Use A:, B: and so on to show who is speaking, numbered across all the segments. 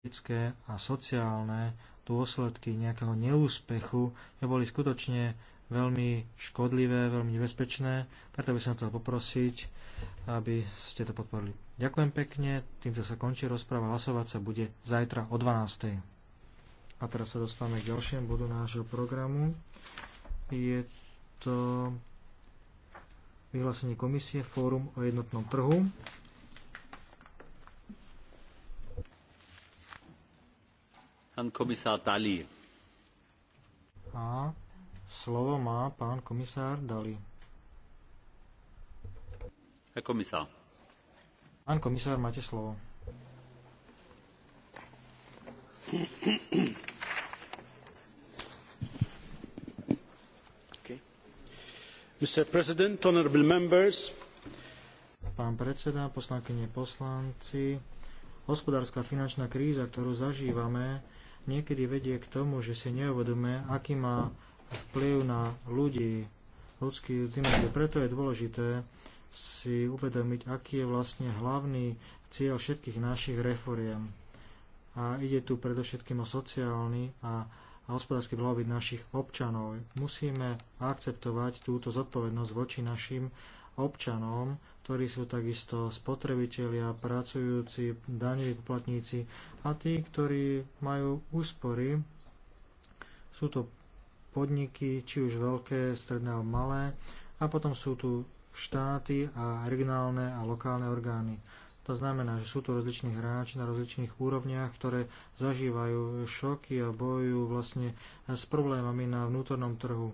A: politické a sociálne dôsledky nejakého neúspechu neboli skutočne veľmi škodlivé, veľmi nebezpečné, preto by som chcel poprosiť, aby ste to podporili. Ďakujem pekne, týmto sa končí rozpráva, hlasovať sa bude zajtra o 12. A teraz sa dostávame k ďalšiemu bodu nášho programu. Je to vyhlásenie komisie Fórum o jednotnom trhu.
B: Pán komisár Dali.
A: A slovo má pán komisár Dali. Pán komisár. Pán komisár, máte slovo. Pán predseda, poslankyne, poslanci, hospodárska finančná kríza, ktorú zažívame, niekedy vedie k tomu, že si neuvedomuje, aký má vplyv na ľudí, ľudský dimenzie. Preto je dôležité si uvedomiť, aký je vlastne hlavný cieľ všetkých našich reforiem. A ide tu predovšetkým o sociálny a, a hospodársky blahobyt našich občanov. Musíme akceptovať túto zodpovednosť voči našim občanom, ktorí sú takisto spotrebitelia, pracujúci, daňoví poplatníci a tí, ktorí majú úspory. Sú to podniky, či už veľké, stredné alebo malé. A potom sú tu štáty a regionálne a lokálne orgány. To znamená, že sú tu rozliční hráči na rozličných úrovniach, ktoré zažívajú šoky a bojujú vlastne s problémami na vnútornom trhu.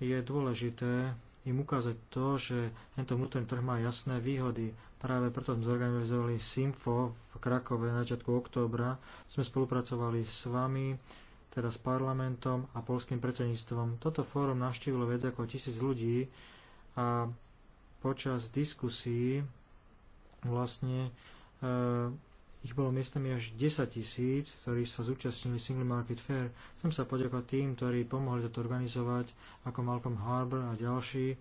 A: Je dôležité im ukázať to, že tento vnútorný trh má jasné výhody. Práve preto sme zorganizovali SIMFO v Krakove na začiatku októbra. Sme spolupracovali s vami, teda s parlamentom a polským predsedníctvom. Toto fórum navštívilo viac ako tisíc ľudí a počas diskusí vlastne e, ich bolo miestami až 10 tisíc, ktorí sa zúčastnili Single Market Fair. Chcem sa poďakovať tým, ktorí pomohli toto organizovať, ako Malcolm Harbour a ďalší,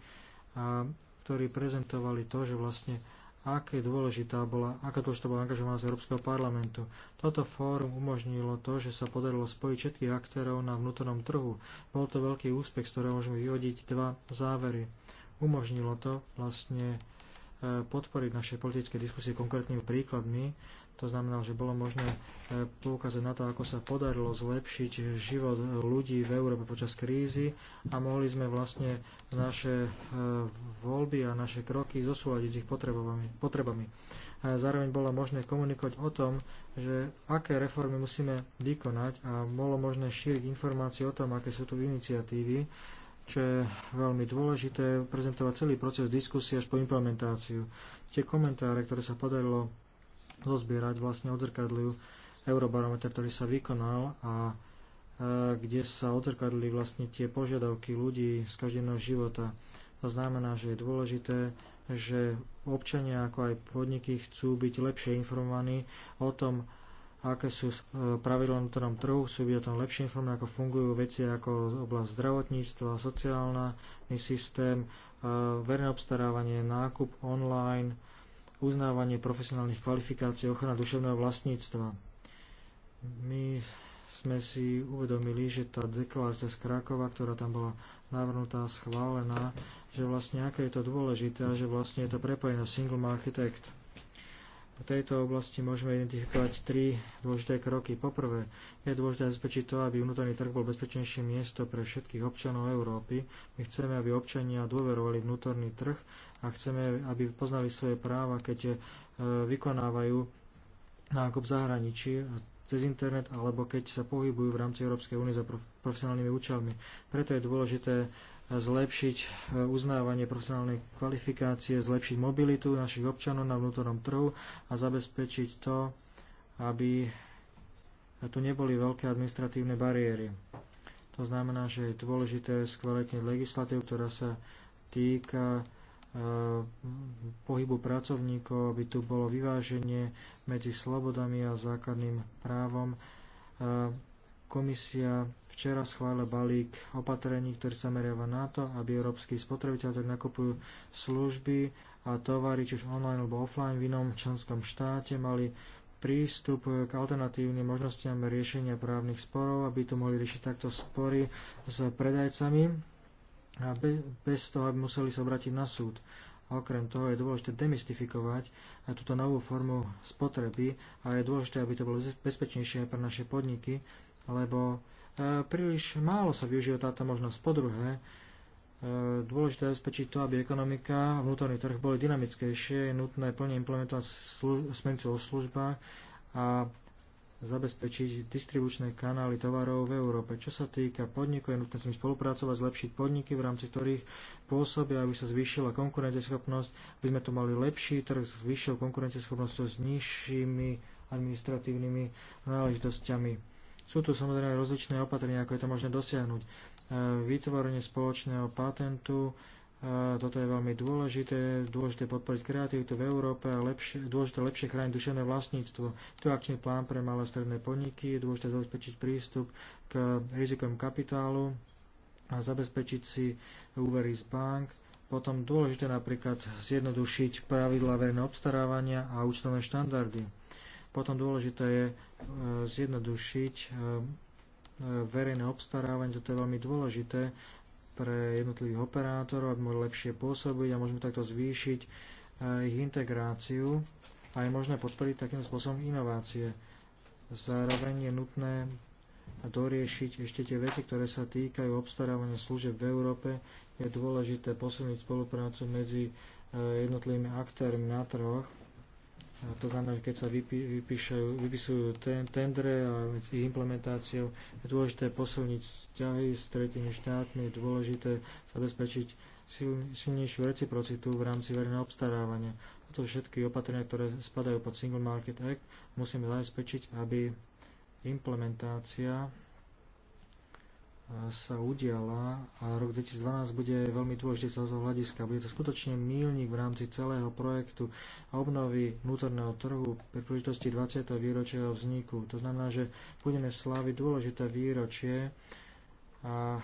A: a ktorí prezentovali to, že vlastne aké dôležitá bola, aká dôležitá bola angažovanosť Európskeho parlamentu. Toto fórum umožnilo to, že sa podarilo spojiť všetkých aktérov na vnútornom trhu. Bol to veľký úspech, z ktorého môžeme vyhodiť dva závery. Umožnilo to vlastne e, podporiť naše politické diskusie konkrétnymi príkladmi to znamená, že bolo možné e, poukázať na to, ako sa podarilo zlepšiť život ľudí v Európe počas krízy a mohli sme vlastne naše e, voľby a naše kroky zosúľadiť s ich potrebami. Zároveň bolo možné komunikovať o tom, že aké reformy musíme vykonať a bolo možné šíriť informácie o tom, aké sú tu iniciatívy, čo je veľmi dôležité, prezentovať celý proces diskusie až po implementáciu. Tie komentáre, ktoré sa podarilo zozbierať, vlastne odzrkadľujú eurobarometer, ktorý sa vykonal a e, kde sa odzrkadli vlastne tie požiadavky ľudí z každého života. To znamená, že je dôležité, že občania ako aj podniky chcú byť lepšie informovaní o tom, aké sú e, pravidlá na tom trhu, chcú byť o tom lepšie informovaní, ako fungujú veci ako oblasť zdravotníctva, sociálny systém, e, verejné obstarávanie, nákup online, uznávanie profesionálnych kvalifikácií, ochrana duševného vlastníctva. My sme si uvedomili, že tá deklarácia z Krakova, ktorá tam bola navrhnutá, schválená, že vlastne aké je to dôležité a že vlastne je to prepojené Single Market Act. V tejto oblasti môžeme identifikovať tri dôležité kroky. Poprvé, je dôležité zabezpečiť to, aby vnútorný trh bol bezpečnejšie miesto pre všetkých občanov Európy. My chceme, aby občania dôverovali vnútorný trh a chceme, aby poznali svoje práva, keď e, vykonávajú nákup zahraničí cez internet alebo keď sa pohybujú v rámci Európskej únie za profesionálnymi účelmi. Preto je dôležité zlepšiť e, uznávanie profesionálnej kvalifikácie, zlepšiť mobilitu našich občanov na vnútornom trhu a zabezpečiť to, aby tu neboli veľké administratívne bariéry. To znamená, že je dôležité skvalitniť legislatívu, ktorá sa týka e, pohybu pracovníkov, aby tu bolo vyváženie medzi slobodami a základným právom e, Komisia včera schválila balík opatrení, ktorý sa meriava na to, aby európsky spotrebiteľ, ktorí nakupujú služby a tovary, či už online alebo offline v inom členskom štáte, mali prístup k alternatívnym možnostiam riešenia právnych sporov, aby to mohli riešiť takto spory s predajcami a bez toho, aby museli sa obrátiť na súd. A okrem toho je dôležité demystifikovať aj túto novú formu spotreby a je dôležité, aby to bolo bezpečnejšie aj pre naše podniky, lebo e, príliš málo sa využíva táto možnosť. Po druhé, e, dôležité je zabezpečiť to, aby ekonomika a vnútorný trh boli dynamickejšie, je nutné plne implementovať smernicu o službách a zabezpečiť distribučné kanály tovarov v Európe. Čo sa týka podnikov, je nutné s nimi spolupracovať, zlepšiť podniky, v rámci ktorých pôsobia, aby sa zvýšila konkurencieschopnosť, aby sme tu mali lepší trh s vyššou konkurencieschopnosťou, s nižšími administratívnymi náležitosťami sú tu samozrejme rozličné opatrenia, ako je to možné dosiahnuť. E, vytvorenie spoločného patentu, e, toto je veľmi dôležité, dôležité podporiť kreativitu v Európe a lepšie, dôležité lepšie chrániť duševné vlastníctvo. Tu akčný plán pre malé stredné podniky, je dôležité zabezpečiť prístup k rizikom kapitálu a zabezpečiť si úvery z bank. Potom dôležité napríklad zjednodušiť pravidla verejného obstarávania a účtovné štandardy potom dôležité je e, zjednodušiť e, e, verejné obstarávanie, toto je veľmi dôležité pre jednotlivých operátorov, aby mohli lepšie pôsobiť a môžeme takto zvýšiť ich integráciu a je možné podporiť takým spôsobom inovácie. Zároveň je nutné doriešiť ešte tie veci, ktoré sa týkajú obstarávania služieb v Európe. Je dôležité posilniť spoluprácu medzi jednotlivými aktérmi na trhoch to znamená, že keď sa vypíšajú, vypisujú ten, tendre a ich implementáciou je dôležité posilniť vzťahy s tretími štátmi, je dôležité zabezpečiť silnejšiu reciprocitu v rámci verejného obstarávania. Toto všetky opatrenia, ktoré spadajú pod Single Market Act, musíme zabezpečiť, aby implementácia sa udiala a rok 2012 bude veľmi dôležitý z toho hľadiska. Bude to skutočne mílnik v rámci celého projektu obnovy vnútorného trhu pri príležitosti 20. výročia vzniku. To znamená, že budeme sláviť dôležité výročie a e,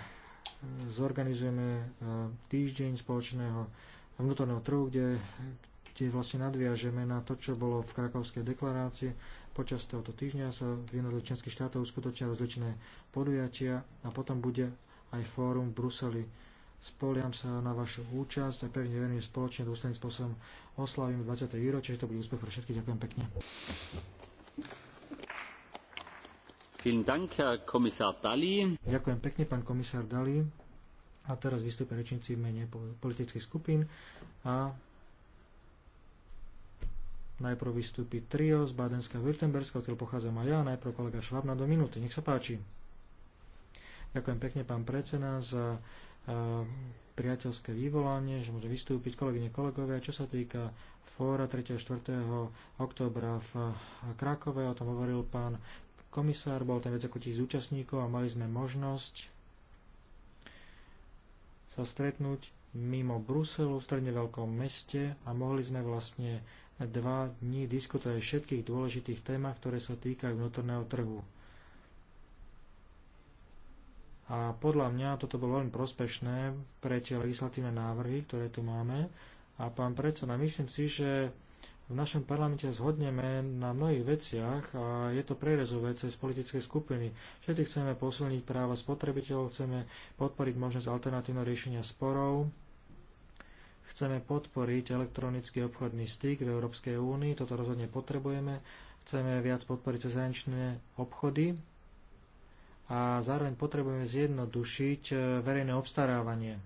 A: zorganizujeme e, týždeň spoločného vnútorného trhu, kde tiež vlastne nadviažeme na to, čo bolo v krakovskej deklarácii. Počas tohoto týždňa sa v jednotlivých členských štátoch uskutočnia rozličné podujatia a potom bude aj fórum v Bruseli. Spoliam sa na vašu účasť a pevne verím, že spoločne dôsledným spôsobom oslavím 20. výročie, že to bude úspech pre všetkých. Ďakujem pekne. Dank, Ďakujem pekne, pán komisár Dali. A teraz vystúpia rečníci v mene politických skupín a Najprv vystúpi trio z Badenského Württemberska, odkiaľ pochádzam aj ja, najprv kolega Šváb na do minúty. Nech sa páči. Ďakujem pekne, pán predseda, za eh, priateľské vyvolanie, že môže vystúpiť kolegyne, kolegovia. Čo sa týka fóra 3. a 4. oktobra v eh, Krakove, o tom hovoril pán komisár, bol tam viac ako tisíc účastníkov a mali sme možnosť sa stretnúť mimo Bruselu, v stredne veľkom meste a mohli sme vlastne dva dní diskutuje o všetkých dôležitých témach, ktoré sa týkajú vnútorného trhu. A podľa mňa toto bolo veľmi prospešné pre tie legislatívne návrhy, ktoré tu máme. A pán predseda, myslím si, že v našom parlamente zhodneme na mnohých veciach a je to prerezové cez politické skupiny. Všetci chceme posilniť práva spotrebiteľov, chceme podporiť možnosť alternatívneho riešenia sporov, Chceme podporiť elektronický obchodný styk v Európskej únii, toto rozhodne potrebujeme. Chceme viac podporiť cezhraničné obchody a zároveň potrebujeme zjednodušiť e, verejné obstarávanie.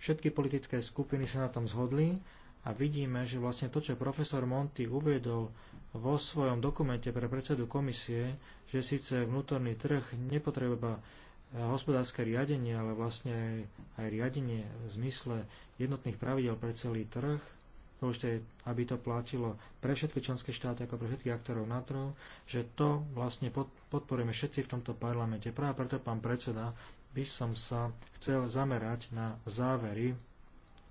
A: Všetky politické skupiny sa na tom zhodli a vidíme, že vlastne to, čo profesor Monty uviedol vo svojom dokumente pre predsedu komisie, že síce vnútorný trh nepotreba E, hospodárske riadenie, ale vlastne aj, aj riadenie v zmysle jednotných pravidel pre celý trh. Dôležité je, aby to platilo pre všetky členské štáty, ako pre všetkých aktorov na trhu, že to vlastne podporujeme všetci v tomto parlamente. Práve preto, pán predseda, by som sa chcel zamerať na závery,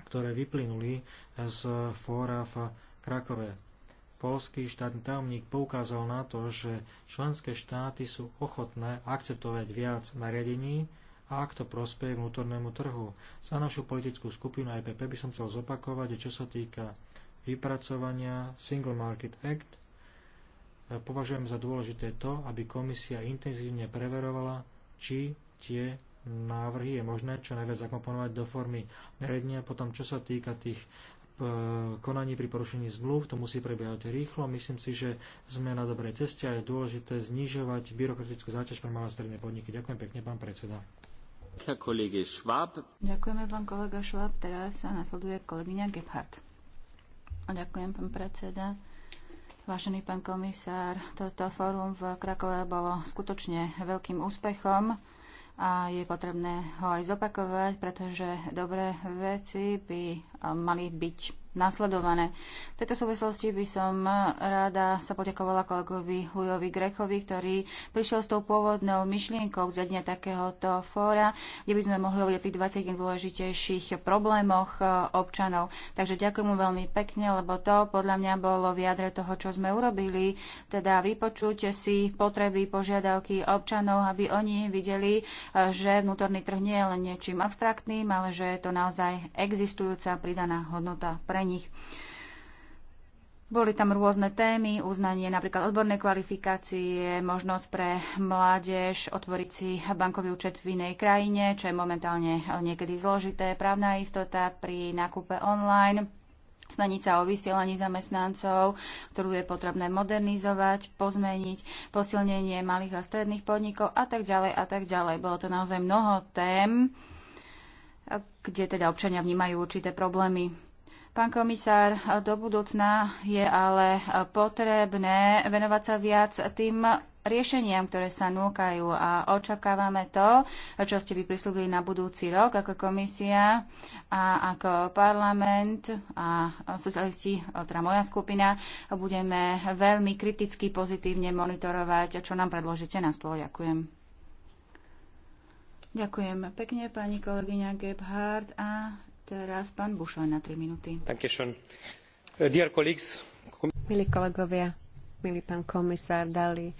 A: ktoré vyplynuli z fóra v Krakove polský štátny tajomník poukázal na to, že členské štáty sú ochotné akceptovať viac nariadení, a ak to prospeje vnútornému trhu. Za našu politickú skupinu EPP by som chcel zopakovať, čo sa týka vypracovania Single Market Act, eh, považujem za dôležité to, aby komisia intenzívne preverovala, či tie návrhy je možné čo najviac zakomponovať do formy nariadenia. Potom, čo sa týka tých konaní pri porušení zmluv, to musí prebiehať rýchlo. Myslím si, že sme na dobrej ceste a je dôležité znižovať byrokratickú záťaž pre malé stredné podniky. Ďakujem pekne, pán predseda.
B: Ďakujeme, pán kolega Schwab. Teraz sa nasleduje kolegyňa Gebhardt. Ďakujem, pán predseda. Vážený pán komisár, toto fórum v Krakove bolo skutočne veľkým úspechom a je potrebné ho aj zopakovať, pretože dobré veci by mali byť nasledované. V tejto súvislosti by som rada sa poďakovala kolegovi Hujovi Grechovi, ktorý prišiel s tou pôvodnou myšlienkou zriadenia takéhoto fóra, kde by sme mohli hovoriť o tých 20 dôležitejších problémoch e, občanov. Takže ďakujem mu veľmi pekne, lebo to podľa mňa bolo v jadre toho, čo sme urobili, teda vypočujte si potreby, požiadavky občanov, aby oni videli, e, že vnútorný trh nie je len niečím abstraktným, ale že je to naozaj existujúca pridaná hodnota pre nich. Boli tam rôzne témy, uznanie napríklad odbornej kvalifikácie, možnosť pre mládež otvoriť si bankový účet v inej krajine, čo je momentálne niekedy zložité, právna istota pri nákupe online, sa o vysielaní zamestnancov, ktorú je potrebné modernizovať, pozmeniť, posilnenie malých a stredných podnikov a tak ďalej a tak ďalej. Bolo to naozaj mnoho tém, kde teda občania vnímajú určité problémy. Pán komisár, do budúcna je ale potrebné venovať sa viac tým riešeniam, ktoré sa núkajú a očakávame to, čo ste by prislúbili na budúci rok ako komisia a ako parlament a socialisti, teda moja skupina, budeme veľmi kriticky pozitívne monitorovať, čo nám predložíte na stôl. Ďakujem. Ďakujem pekne, pani kolegyňa Gebhardt. A Teraz pán Bušoj na 3 minúty.
A: Äh,
C: Milí kolegovia, milý pán komisár Dali,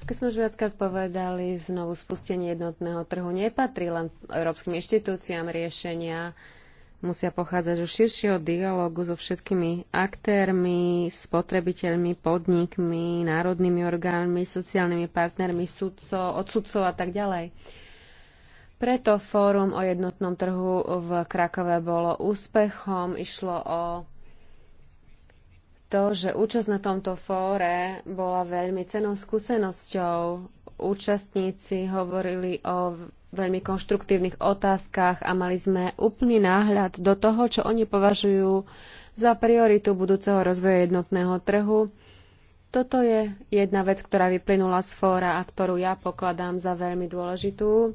C: ako sme už viackrát povedali, znovu spustenie jednotného trhu nepatrí len európskym inštitúciám riešenia, musia pochádzať zo širšieho dialógu so všetkými aktérmi, spotrebiteľmi, podnikmi, národnými orgánmi, sociálnymi partnermi, sudcov, odsudcov a tak ďalej. Preto fórum o jednotnom trhu v Krakove bolo úspechom. Išlo o to, že účasť na tomto fóre bola veľmi cenou skúsenosťou. Účastníci hovorili o veľmi konštruktívnych otázkach a mali sme úplný náhľad do toho, čo oni považujú za prioritu budúceho rozvoja jednotného trhu. Toto je jedna vec, ktorá vyplynula z fóra a ktorú ja pokladám za veľmi dôležitú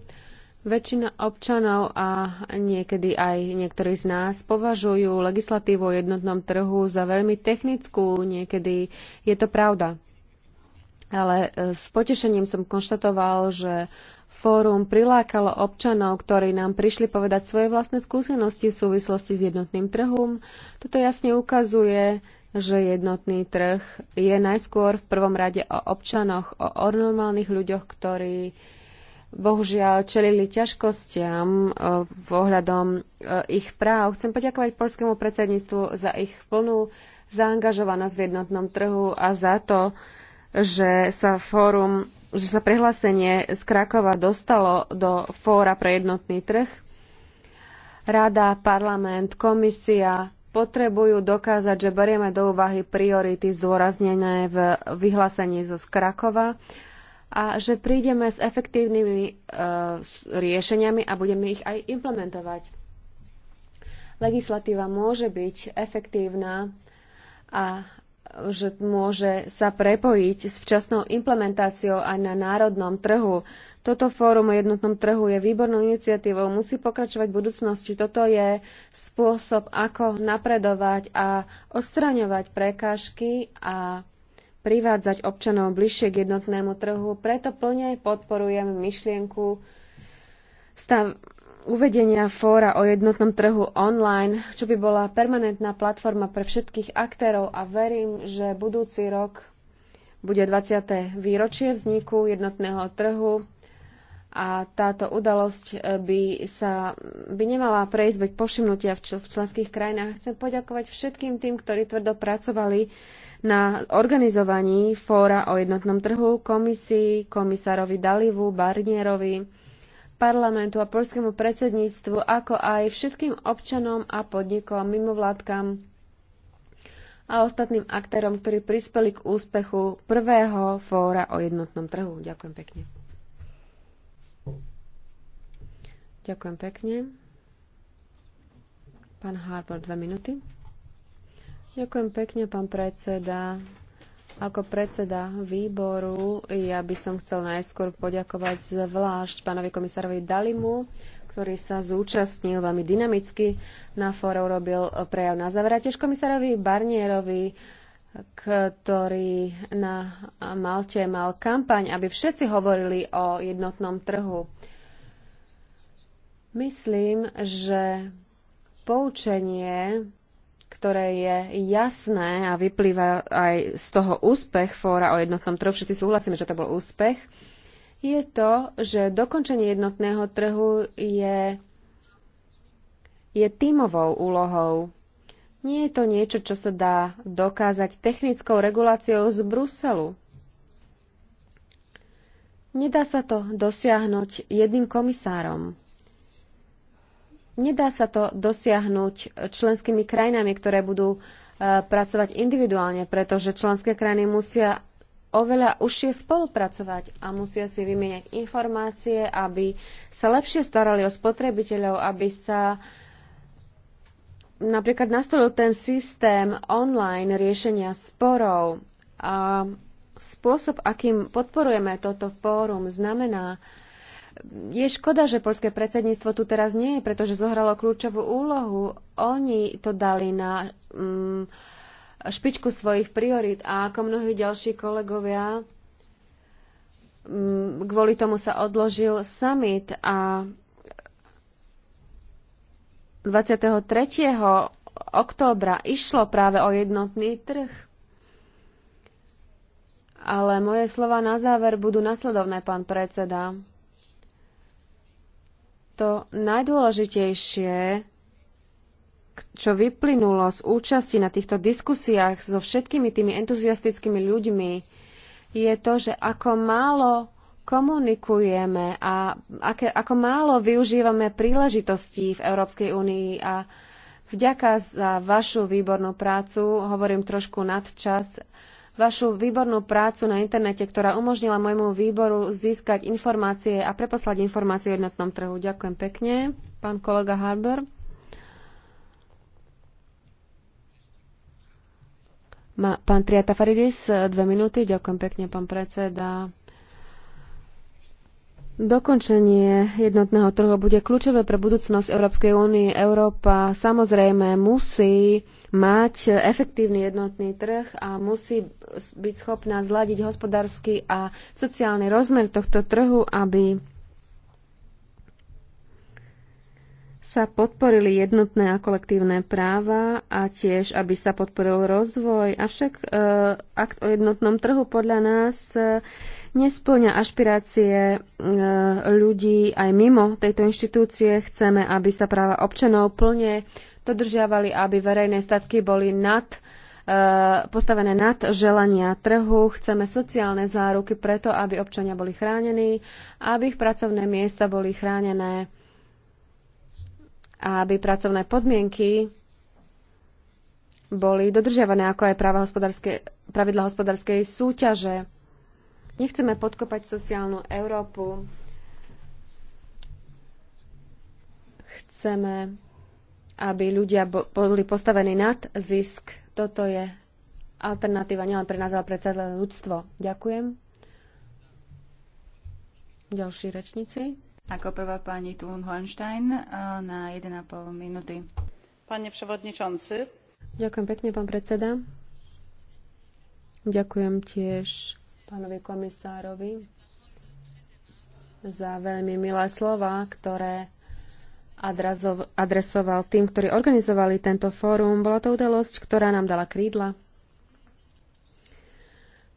C: Väčšina občanov a niekedy aj niektorí z nás považujú legislatívu o jednotnom trhu za veľmi technickú, niekedy je to pravda. Ale e, s potešením som konštatoval, že fórum prilákalo občanov, ktorí nám prišli povedať svoje vlastné skúsenosti v súvislosti s jednotným trhom. Toto jasne ukazuje, že jednotný trh je najskôr v prvom rade o občanoch, o normálnych ľuďoch, ktorí bohužiaľ čelili ťažkostiam e, v ohľadom e, ich práv. Chcem poďakovať polskému predsedníctvu za ich plnú zaangažovanosť v jednotnom trhu a za to, že sa fórum, že sa prehlásenie z Krakova dostalo do fóra pre jednotný trh. Rada, parlament, komisia potrebujú dokázať, že berieme do úvahy priority zdôraznené v vyhlásení zo Krakova a že prídeme s efektívnymi e, riešeniami a budeme ich aj implementovať. Legislatíva môže byť efektívna a že môže sa prepojiť s včasnou implementáciou aj na národnom trhu. Toto fórum o jednotnom trhu je výbornou iniciatívou, musí pokračovať v budúcnosti. Toto je spôsob, ako napredovať a odstraňovať prekážky a privádzať občanov bližšie k jednotnému trhu, preto plne podporujem myšlienku stav uvedenia fóra o jednotnom trhu online, čo by bola permanentná platforma pre všetkých aktérov a verím, že budúci rok bude 20. výročie vzniku jednotného trhu a táto udalosť eh, by, sa, by nemala prejsť bez povšimnutia v, čl- v členských krajinách. Chcem poďakovať všetkým tým, ktorí tvrdo pracovali na organizovaní fóra o jednotnom trhu komisii, komisárovi Dalivu, Barnierovi, parlamentu a polskému predsedníctvu, ako aj všetkým občanom a podnikom, mimovládkam a ostatným aktérom, ktorí prispeli k úspechu prvého fóra o jednotnom trhu. Ďakujem pekne. Ďakujem pekne. Pán Harbour, dve minuty. Ďakujem pekne, pán predseda. Ako predseda výboru ja by som chcel najskôr poďakovať zvlášť pánovi komisárovi Dalimu, ktorý sa zúčastnil veľmi dynamicky na fóre, urobil prejav na záver. A tiež komisárovi Barnierovi, ktorý na Malte mal kampaň, aby všetci hovorili o jednotnom trhu. Myslím, že poučenie ktoré je jasné a vyplýva aj z toho úspech fóra o jednotnom trhu, všetci súhlasíme, že to bol úspech, je to, že dokončenie jednotného trhu je, je tímovou úlohou. Nie je to niečo, čo sa dá dokázať technickou reguláciou z Bruselu. Nedá sa to dosiahnuť jedným komisárom. Nedá sa to dosiahnuť členskými krajinami, ktoré budú e, pracovať individuálne, pretože členské krajiny musia oveľa užšie spolupracovať a musia si vymieňať informácie, aby sa lepšie starali o spotrebiteľov, aby sa napríklad nastolil ten systém online riešenia sporov a spôsob, akým podporujeme toto fórum, znamená, je škoda, že polské predsedníctvo tu teraz nie je, pretože zohralo kľúčovú úlohu. Oni to dali na mm, špičku svojich priorít a ako mnohí ďalší kolegovia mm, kvôli tomu sa odložil summit a 23. októbra išlo práve o jednotný trh. Ale moje slova na záver budú nasledovné, pán predseda to najdôležitejšie, čo vyplynulo z účasti na týchto diskusiách so všetkými tými entuziastickými ľuďmi, je to, že ako málo komunikujeme a aké, ako málo využívame príležitostí v Európskej únii a vďaka za vašu výbornú prácu, hovorím trošku nadčas, vašu výbornú prácu na internete, ktorá umožnila môjmu výboru získať informácie a preposlať informácie o jednotnom trhu. Ďakujem pekne, pán kolega Harber. Má, pán Faridis, dve minúty. Ďakujem pekne, pán predseda. Dokončenie jednotného trhu bude kľúčové pre budúcnosť Európskej únie. Európa samozrejme musí mať efektívny jednotný trh a musí byť schopná zladiť hospodársky a sociálny rozmer tohto trhu, aby sa podporili jednotné a kolektívne práva a tiež, aby sa podporil rozvoj. Avšak e, akt o jednotnom trhu podľa nás e, nesplňa ašpirácie e, ľudí aj mimo tejto inštitúcie. Chceme, aby sa práva občanov plne dodržiavali, aby verejné statky boli nad e, postavené nad želania trhu. Chceme sociálne záruky preto, aby občania boli chránení, aby ich pracovné miesta boli chránené, aby pracovné podmienky boli dodržiavané, ako aj práva hospodárske, pravidla hospodárskej súťaže. Nechceme podkopať sociálnu Európu. Chceme, aby ľudia boli postavení nad zisk. Toto je alternatíva nielen pre nás, ale pre celé ľudstvo. Ďakujem. Ďalší rečníci.
B: Ako prvá pani Thun Hohenstein. Eh, na 1,5 minúty. Pane przewodniczący.
C: Ďakujem pekne, pán predseda. Ďakujem tiež pánovi komisárovi za veľmi milé slova, ktoré adresoval tým, ktorí organizovali tento fórum. Bola to udalosť, ktorá nám dala krídla.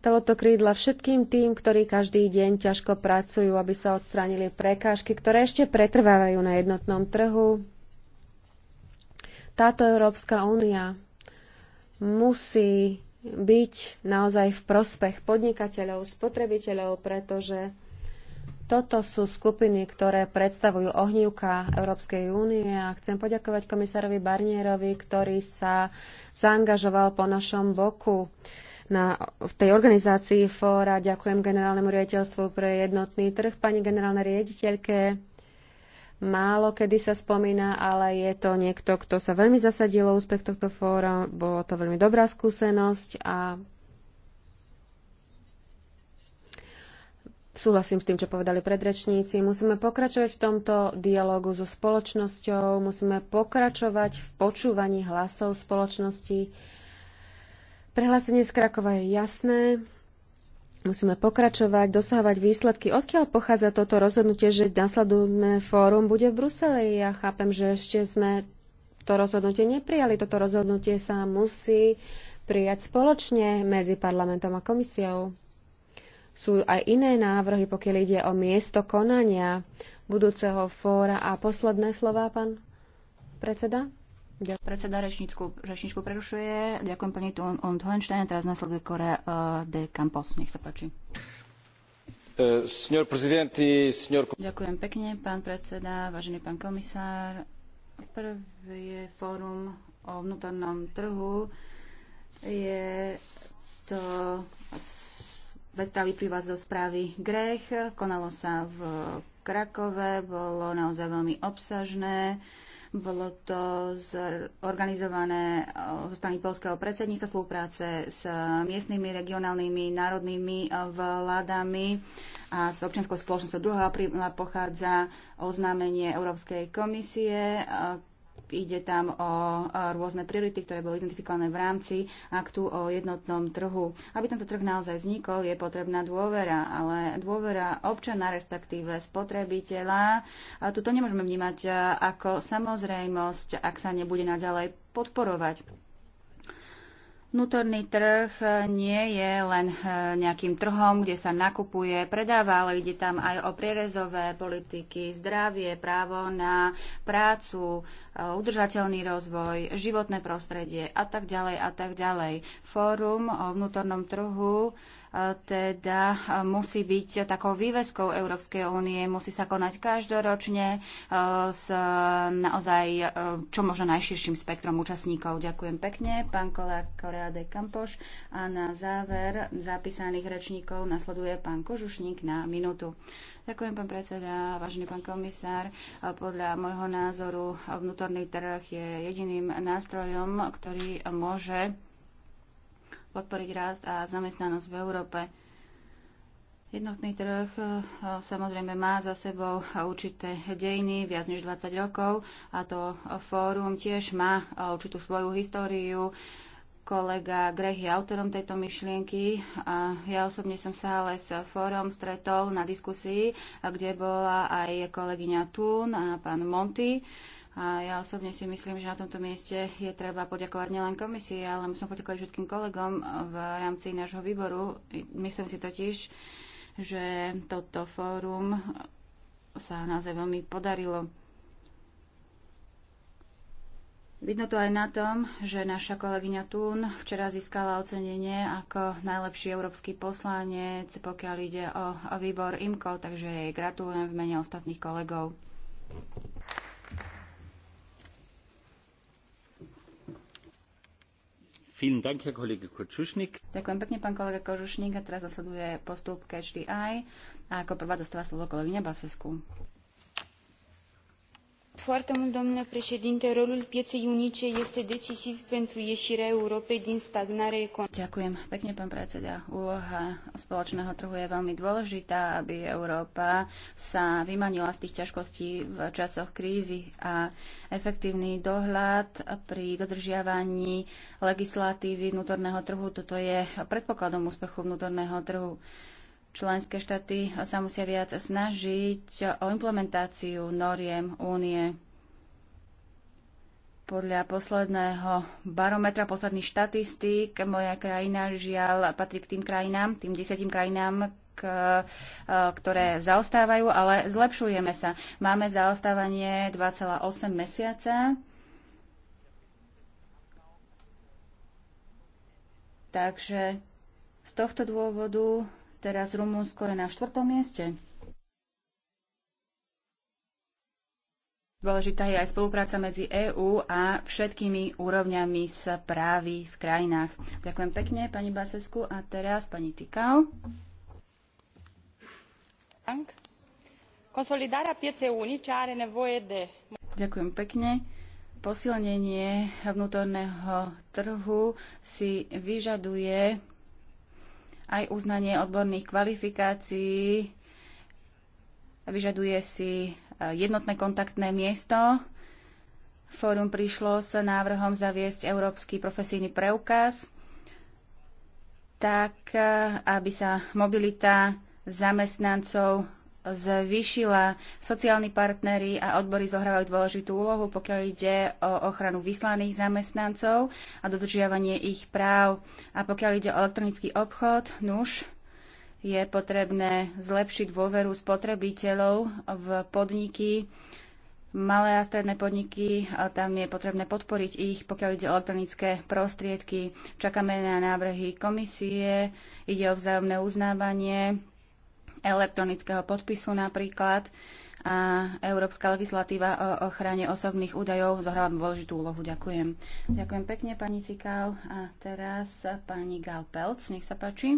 C: Dalo to krídla všetkým tým, ktorí každý deň ťažko pracujú, aby sa odstránili prekážky, ktoré ešte pretrvávajú na jednotnom trhu. Táto Európska únia musí byť naozaj v prospech podnikateľov, spotrebiteľov, pretože toto sú skupiny, ktoré predstavujú ohnívka Európskej únie a chcem poďakovať komisárovi Barnierovi, ktorý sa zaangažoval po našom boku na, v tej organizácii fóra. Ďakujem generálnemu riaditeľstvu pre jednotný trh, pani generálnej riaditeľke, málo kedy sa spomína, ale je to niekto, kto sa veľmi zasadil o úspech tohto fóra. Bolo to veľmi dobrá skúsenosť a súhlasím s tým, čo povedali predrečníci. Musíme pokračovať v tomto dialogu so spoločnosťou, musíme pokračovať v počúvaní hlasov spoločnosti. Prehlásenie z Krakova je jasné. Musíme pokračovať, dosahovať výsledky. Odkiaľ pochádza toto rozhodnutie, že následovné fórum bude v Bruseli? Ja chápem, že ešte sme to rozhodnutie neprijali. Toto rozhodnutie sa musí prijať spoločne medzi parlamentom a komisiou. Sú aj iné návrhy, pokiaľ ide o miesto konania budúceho fóra. A posledné slova, pán predseda?
B: Ďakujem. Predseda rečničku, rečničku prerušuje. Ďakujem pani Thun und Hohenstein. Teraz nasleduje Korea eh, de Campos. Nech sa páči.
A: Eh,
B: Ďakujem pekne, pán predseda, vážený pán komisár. Prvé fórum o vnútornom trhu je to ktorá vyplýva zo správy Grech. Konalo sa v Krakove, bolo naozaj veľmi obsažné bolo to zorganizované eh, zo strany polského predsedníctva spolupráce s miestnymi, regionálnymi, národnými eh, vládami a s občianskou spoločnosťou. 2. apríla pochádza oznámenie Európskej komisie, eh, Ide tam o rôzne priority, ktoré boli identifikované v rámci aktu o jednotnom trhu. Aby tento trh naozaj vznikol, je potrebná dôvera, ale dôvera občana, respektíve spotrebiteľa, tuto nemôžeme vnímať ako samozrejmosť, ak sa nebude naďalej podporovať. Vnútorný trh e, nie je len e, nejakým trhom, kde sa nakupuje, predáva, ale ide tam aj o prierezové politiky, zdravie, právo na prácu, udržateľný rozvoj, životné prostredie a tak ďalej a tak ďalej. Fórum o vnútornom trhu e, teda e, musí byť takou výveskou Európskej únie, musí sa konať každoročne e, s naozaj čo možno najširším spektrom účastníkov. Ďakujem pekne, pán kolega Korea de Campoš. A na záver zapísaných rečníkov nasleduje pán Kožušník na minútu. Ďakujem, pán predseda, vážený pán komisár. Podľa môjho názoru vnútorný trh je jediným nástrojom, ktorý môže podporiť rast a zamestnanosť v Európe. Jednotný trh e, samozrejme má za sebou určité dejiny, viac než 20 rokov a to fórum tiež má e, určitú svoju históriu Kolega Greg je autorom tejto myšlienky a ja osobne som sa ale s fórom stretol na diskusii, kde bola aj kolegyňa Thun a pán Monty. A ja osobne si myslím, že na tomto mieste je treba poďakovať nielen komisii, ale musím poďakovať všetkým kolegom v rámci nášho výboru. Myslím si totiž, že toto fórum sa naozaj veľmi podarilo. Vidno to aj na tom, že naša kolegyňa Tún včera získala ocenenie ako najlepší európsky poslanec, pokiaľ ide o, o výbor IMCO, takže jej gratulujem v mene ostatných kolegov. Ďakujem pekne, pán kolega Kožušník. A teraz zasleduje postup Catch the Eye. A ako prvá dostáva slovo kolegyňa Basesku
C: rolul pieței unice este decisiv pentru ieșirea
B: Európy din stagnare ekonomiky. Ďakujem pekne, pán predseda. Úloha spoločného trhu je veľmi dôležitá, aby Európa sa vymanila z tých ťažkostí v časoch krízy a efektívny dohľad pri dodržiavaní legislatívy vnútorného trhu, toto je predpokladom úspechu vnútorného trhu. Členské štáty sa musia viac snažiť o implementáciu noriem únie. Podľa posledného barometra, posledných štatistík, moja krajina žiaľ patrí k tým krajinám, tým desiatim krajinám, k, e, ktoré zaostávajú, ale zlepšujeme sa. Máme zaostávanie 2,8 mesiaca. Takže z tohto dôvodu Teraz Rumunsko je na štvrtom mieste. Dôležitá je aj spolupráca medzi EÚ a všetkými úrovňami správy v krajinách. Ďakujem pekne, pani Basesku. A teraz pani Tikal. are de... Ďakujem pekne. Posilnenie vnútorného trhu si vyžaduje aj uznanie odborných kvalifikácií, vyžaduje si e, jednotné kontaktné miesto. Fórum prišlo s návrhom zaviesť Európsky profesijný preukaz, tak e, aby sa mobilita zamestnancov zvýšila. Sociálni partnery a odbory zohrávajú dôležitú úlohu, pokiaľ ide o ochranu vyslaných zamestnancov a dodržiavanie ich práv. A pokiaľ ide o elektronický obchod, nuž, je potrebné zlepšiť dôveru spotrebiteľov v podniky, malé a stredné podniky, a tam je potrebné podporiť ich, pokiaľ ide o elektronické prostriedky. Čakáme na návrhy komisie, ide o vzájomné uznávanie elektronického podpisu napríklad a európska legislatíva o ochrane osobných údajov zohrala dôležitú úlohu. Ďakujem. Ďakujem pekne, pani Cikal. A teraz pani Galpelc, nech sa páči.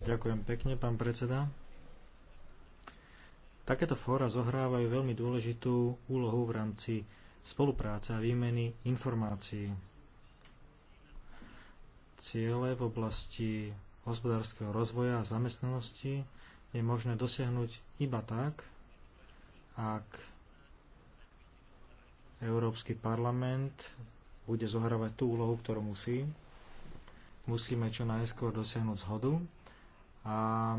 A: Ďakujem pekne, pán predseda. Takéto fóra zohrávajú veľmi dôležitú úlohu v rámci spolupráce a výmeny informácií ciele v oblasti hospodárskeho rozvoja a zamestnanosti je možné dosiahnuť iba tak, ak Európsky parlament bude zohrávať tú úlohu, ktorú musí. Musíme čo najskôr dosiahnuť zhodu a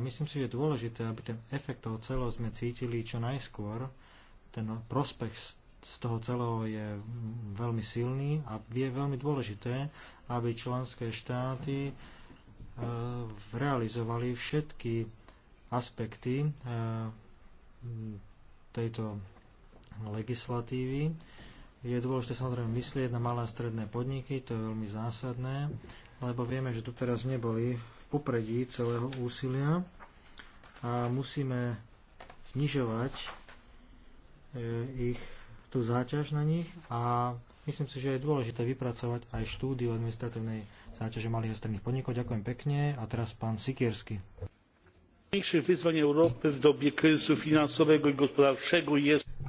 A: myslím si, že je dôležité, aby ten efekt toho celého sme cítili čo najskôr, ten prospech z z toho celého je veľmi silný a je veľmi dôležité, aby členské štáty e, realizovali všetky aspekty e, tejto legislatívy. Je dôležité samozrejme myslieť na malé a stredné podniky, to je veľmi zásadné, lebo vieme, že teraz neboli v popredí celého úsilia a musíme znižovať e, ich tú záťaž na nich a myslím si, že je dôležité vypracovať aj štúdiu administratívnej záťaže malých a stredných podnikov. Ďakujem pekne a teraz pán Sikierski.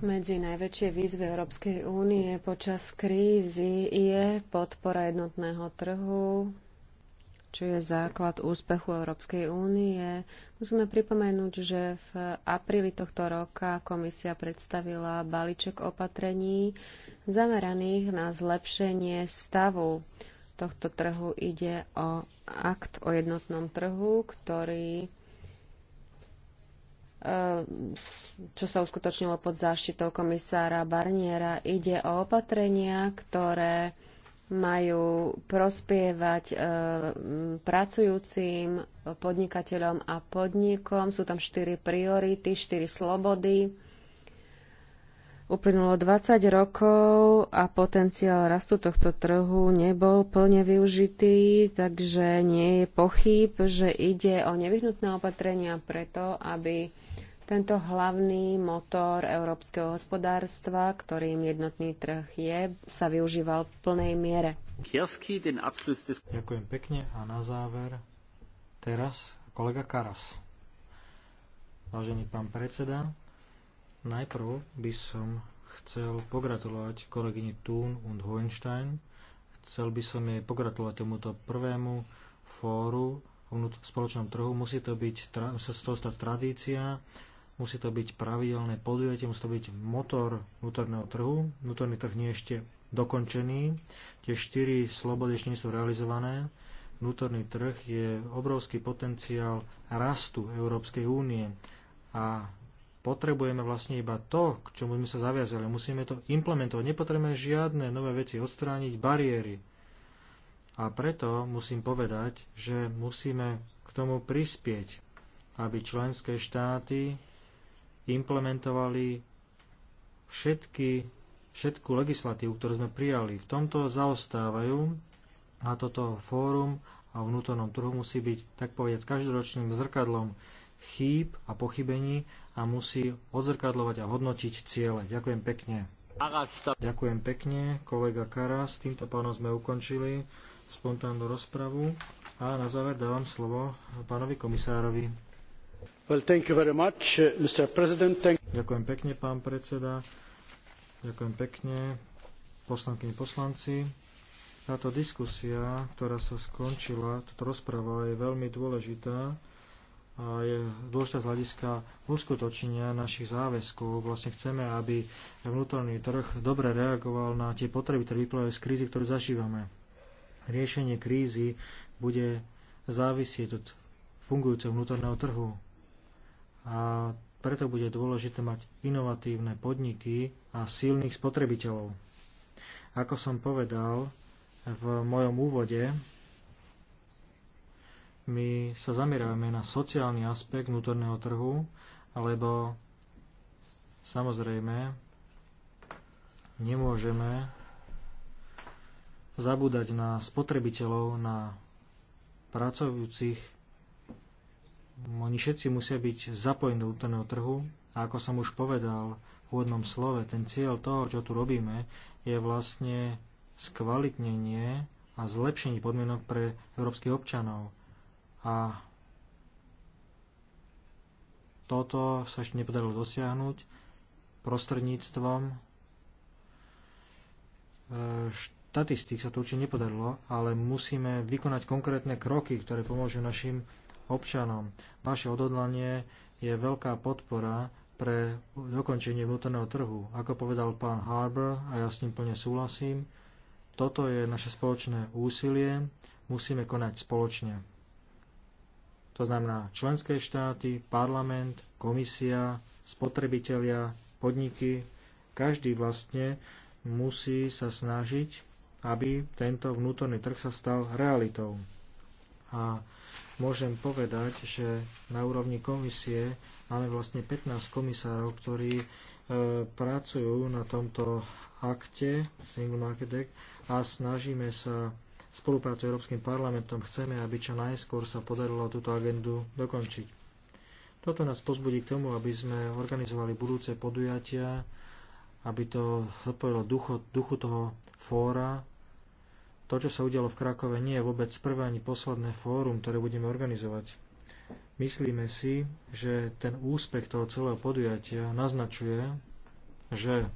C: Medzi najväčšie výzvy Európskej únie počas krízy je podpora jednotného trhu, čo je základ úspechu Európskej únie. Musíme pripomenúť, že v apríli tohto roka komisia predstavila balíček opatrení zameraných na zlepšenie stavu tohto trhu. Ide o akt o jednotnom trhu, ktorý eh, čo sa uskutočnilo pod záštitou komisára Barniera. Ide o opatrenia, ktoré majú prospievať e, pracujúcim podnikateľom a podnikom. Sú tam štyri priority, štyri slobody. Uplynulo 20 rokov a potenciál rastu tohto trhu nebol plne využitý, takže nie je pochyb, že ide o nevyhnutné opatrenia preto, aby tento hlavný motor európskeho hospodárstva, ktorým jednotný trh je, sa využíval v plnej miere.
A: Ďakujem pekne a na záver teraz kolega Karas. Vážený pán predseda, najprv by som chcel pogratulovať kolegyni Thun und Hohenstein. Chcel by som jej pogratulovať tomuto prvému fóru v spoločnom trhu. Musí to byť, musí to stať tradícia musí to byť pravidelné podujatie, musí to byť motor vnútorného trhu. Vnútorný trh nie je ešte dokončený, tie štyri slobody ešte nie sú realizované. Vnútorný trh je obrovský potenciál rastu Európskej únie a potrebujeme vlastne iba to, k čomu sme sa zaviazali. Musíme to implementovať. Nepotrebujeme žiadne nové veci odstrániť, bariéry. A preto musím povedať, že musíme k tomu prispieť, aby členské štáty implementovali všetky, všetku legislatívu, ktorú sme prijali. V tomto zaostávajú a toto fórum a vnútornom trhu musí byť, tak povedať, každoročným zrkadlom chýb a pochybení a musí odzrkadlovať a hodnotiť ciele. Ďakujem pekne. Ďakujem pekne, kolega Karas. Týmto pánom sme ukončili spontánnu rozpravu a na záver dávam slovo pánovi komisárovi. Uh, Ďakujem pekne, pán predseda. Ďakujem pekne, poslankyni poslanci. Táto diskusia, ktorá sa skončila, táto rozprava je veľmi dôležitá a je dôležitá z hľadiska uskutočnenia našich záväzkov. Vlastne chceme, aby vnútorný trh dobre reagoval na tie potreby, ktoré vyplývajú z krízy, ktorú zažívame. Riešenie krízy bude závisieť od fungujúceho vnútorného trhu a preto bude dôležité mať inovatívne podniky a silných spotrebiteľov. Ako som povedal v mojom úvode, my sa zamerávame na sociálny aspekt vnútorného trhu, lebo samozrejme nemôžeme zabúdať na spotrebiteľov, na pracujúcich oni všetci musia byť zapojení do vnútorného trhu a ako som už povedal v úvodnom slove, ten cieľ toho, čo tu robíme, je vlastne skvalitnenie a zlepšenie podmienok pre európskych občanov. A toto sa ešte nepodarilo dosiahnuť prostredníctvom e, štatistík sa to určite nepodarilo, ale musíme vykonať konkrétne kroky, ktoré pomôžu našim občanom. Vaše odhodlanie je veľká podpora pre dokončenie vnútorného trhu. Ako povedal pán Harbour, a ja s ním plne súhlasím, toto je naše spoločné úsilie, musíme konať spoločne. To znamená členské štáty, parlament, komisia, spotrebitelia, podniky, každý vlastne musí sa snažiť, aby tento vnútorný trh sa stal realitou. A môžem povedať, že na úrovni komisie máme vlastne 15 komisárov, ktorí e, pracujú na tomto akte Single Market Act a snažíme sa spolupracovať s Európskym parlamentom. Chceme, aby čo najskôr sa podarilo túto agendu dokončiť. Toto nás pozbudí k tomu, aby sme organizovali budúce podujatia, aby to zodpovedalo duchu, duchu toho fóra, to, čo sa udialo v Krakove, nie je vôbec prvé ani posledné fórum, ktoré budeme organizovať. Myslíme si, že ten úspech toho celého podujatia naznačuje, že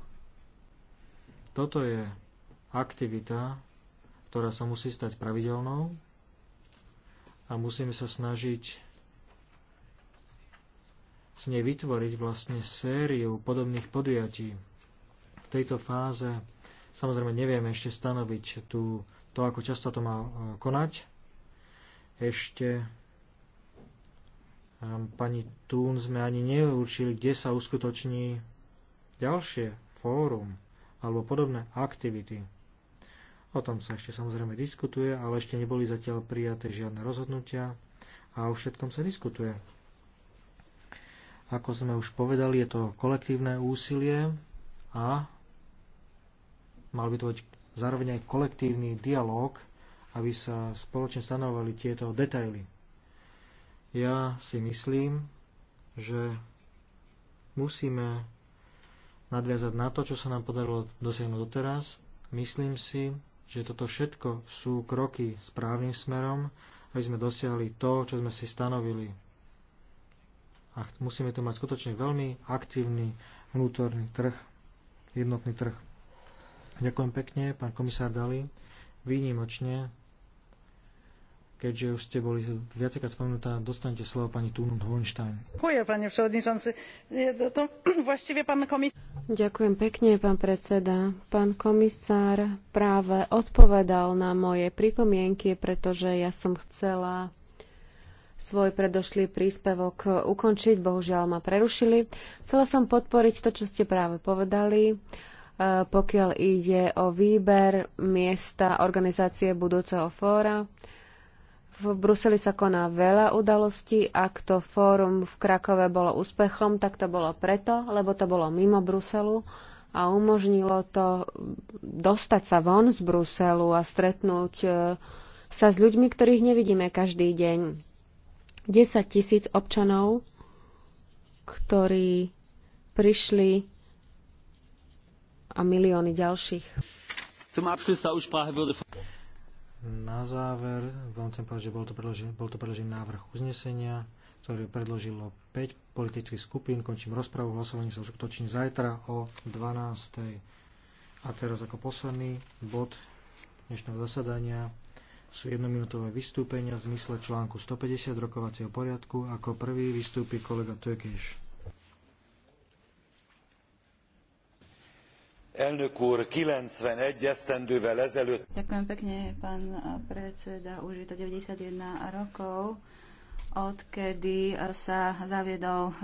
A: toto je aktivita, ktorá sa musí stať pravidelnou a musíme sa snažiť s nej vytvoriť vlastne sériu podobných podujatí. V tejto fáze Samozrejme nevieme ešte stanoviť tú, to, ako často to má e, konať. Ešte e, pani Tún sme ani neurčili, kde sa uskutoční ďalšie fórum alebo podobné aktivity. O tom sa ešte samozrejme diskutuje, ale ešte neboli zatiaľ prijaté žiadne rozhodnutia a o všetkom sa diskutuje. Ako sme už povedali, je to kolektívne úsilie a mal by byť zároveň aj kolektívny dialog, aby sa spoločne stanovali tieto detaily. Ja si myslím, že musíme nadviazať na to, čo sa nám podarilo dosiahnuť doteraz. Myslím si, že toto všetko sú kroky správnym smerom, aby sme dosiahli to, čo sme si stanovili. A musíme tu mať skutočne veľmi aktívny vnútorný trh, jednotný trh. Ďakujem pekne, pán komisár Dali. Výnimočne, keďže už ste boli viacekrát spomenutá, dostanete slovo pani Tunut Hornstein.
C: Ďakujem pekne, pán predseda. Pán komisár práve odpovedal na moje pripomienky, pretože ja som chcela svoj predošlý príspevok ukončiť. Bohužiaľ ma prerušili. Chcela som podporiť to, čo ste práve povedali Eh, pokiaľ ide o výber miesta organizácie budúceho fóra. V Bruseli sa koná veľa udalostí. Ak to fórum v Krakove bolo úspechom, tak to bolo preto, lebo to bolo mimo Bruselu a umožnilo to dostať sa von z Bruselu a stretnúť eh, sa s ľuďmi, ktorých nevidíme každý deň. 10 tisíc občanov, ktorí prišli a milióny ďalších.
A: Na záver vám chcem povedať, že bol to predložený, bol to predložený návrh uznesenia, ktorý predložilo 5 politických skupín. Končím rozpravu, hlasovanie sa uskutoční zajtra o 12. A teraz ako posledný bod dnešného zasadania sú jednominútové vystúpenia v zmysle článku 150 rokovacieho poriadku. Ako prvý vystúpi kolega Tökeš. Elnök úr, 91 esztendővel ezelőtt...
B: Ďakujem pekne, pán predseda. Už je to 91 rokov, odkedy sa zaviedol